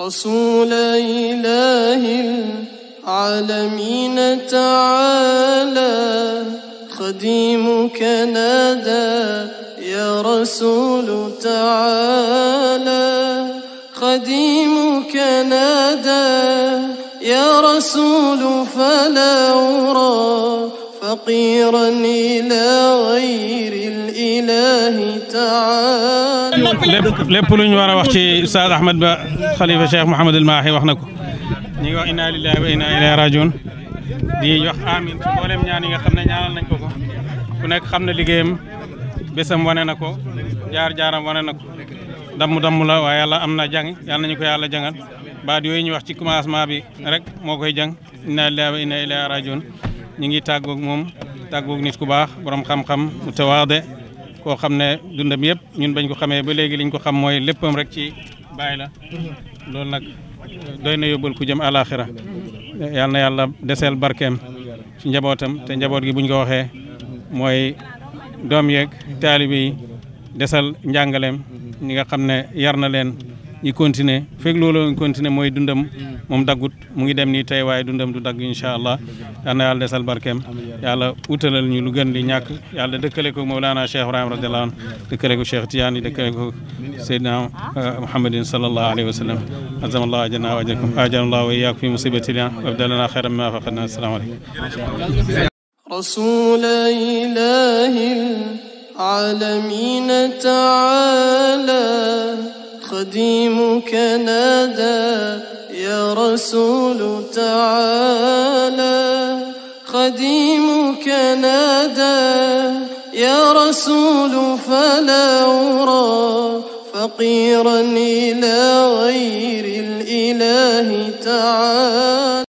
رسول إله العالمين تعالى خديمك نادى يا رسول تعالى خديمك نادى يا رسول فلا أرى فقيرا إلى lépp lu ñu war a wax ci Oustaz Ahmad Ba xalifa Cheikh Mouhamadul Mahi wax na ko ñu ngi wax inna lillahi wa inna ilayhi rajiun di wax amin ci mboolem ñaan yi nga xam ne ñaanal nañ ko ko ku nekk xam na liggéeyam bésam wane na ko jaar-jaaram wane na ko damm damm la waaye yàlla am na jàng yàlla nañu ko yàlla jàngal baat yooyu ñu wax ci commencement bi rek moo koy jàng inna lillahi wa inna ilayhi rajiun ñu ngi tàggoog moom tàggoog nit ku baax borom xam-xam mu tawaade koo xam ne dundam yëpp ñun bañ ko xamee ba léegi liñ ko xam mooy léppam rek ci bàyyi la loolu nag doy na yóbbal ku jëm àlaaxira yal na yàlla deseel barkeem ci njabootam te njaboot gi buñ ko waxee mooy doom yeeg taalibe yi desal njàngaleem ñi nga xam ne yar na leen ñu continuer fekk loolu ñu continuer mooy dundam moom daggut mu ngi dem nii tey waaye dundam du dagg incha allah yal na yàlla desal barkeem yàlla utalal ñu lu gën li ñàkk yàlla dëkkale ko Mawlana Cheikh Ibrahim radiallahu anhu dëkkale ko Cheikh Tidiane dëkkale ko Seydina Muhammadin sallallahu alayhi wa sallam azam allah ajana wa ajrakum ajana allah wa iyyakum fi musibatina wa abdalana khayran mimma faqadna assalamu alaykum رسول إله العالمين تعالى قديمك نادى يا رسول تعالى قديمك نادى يا رسول فلا أرى فقيرا إلى غير الإله تعالى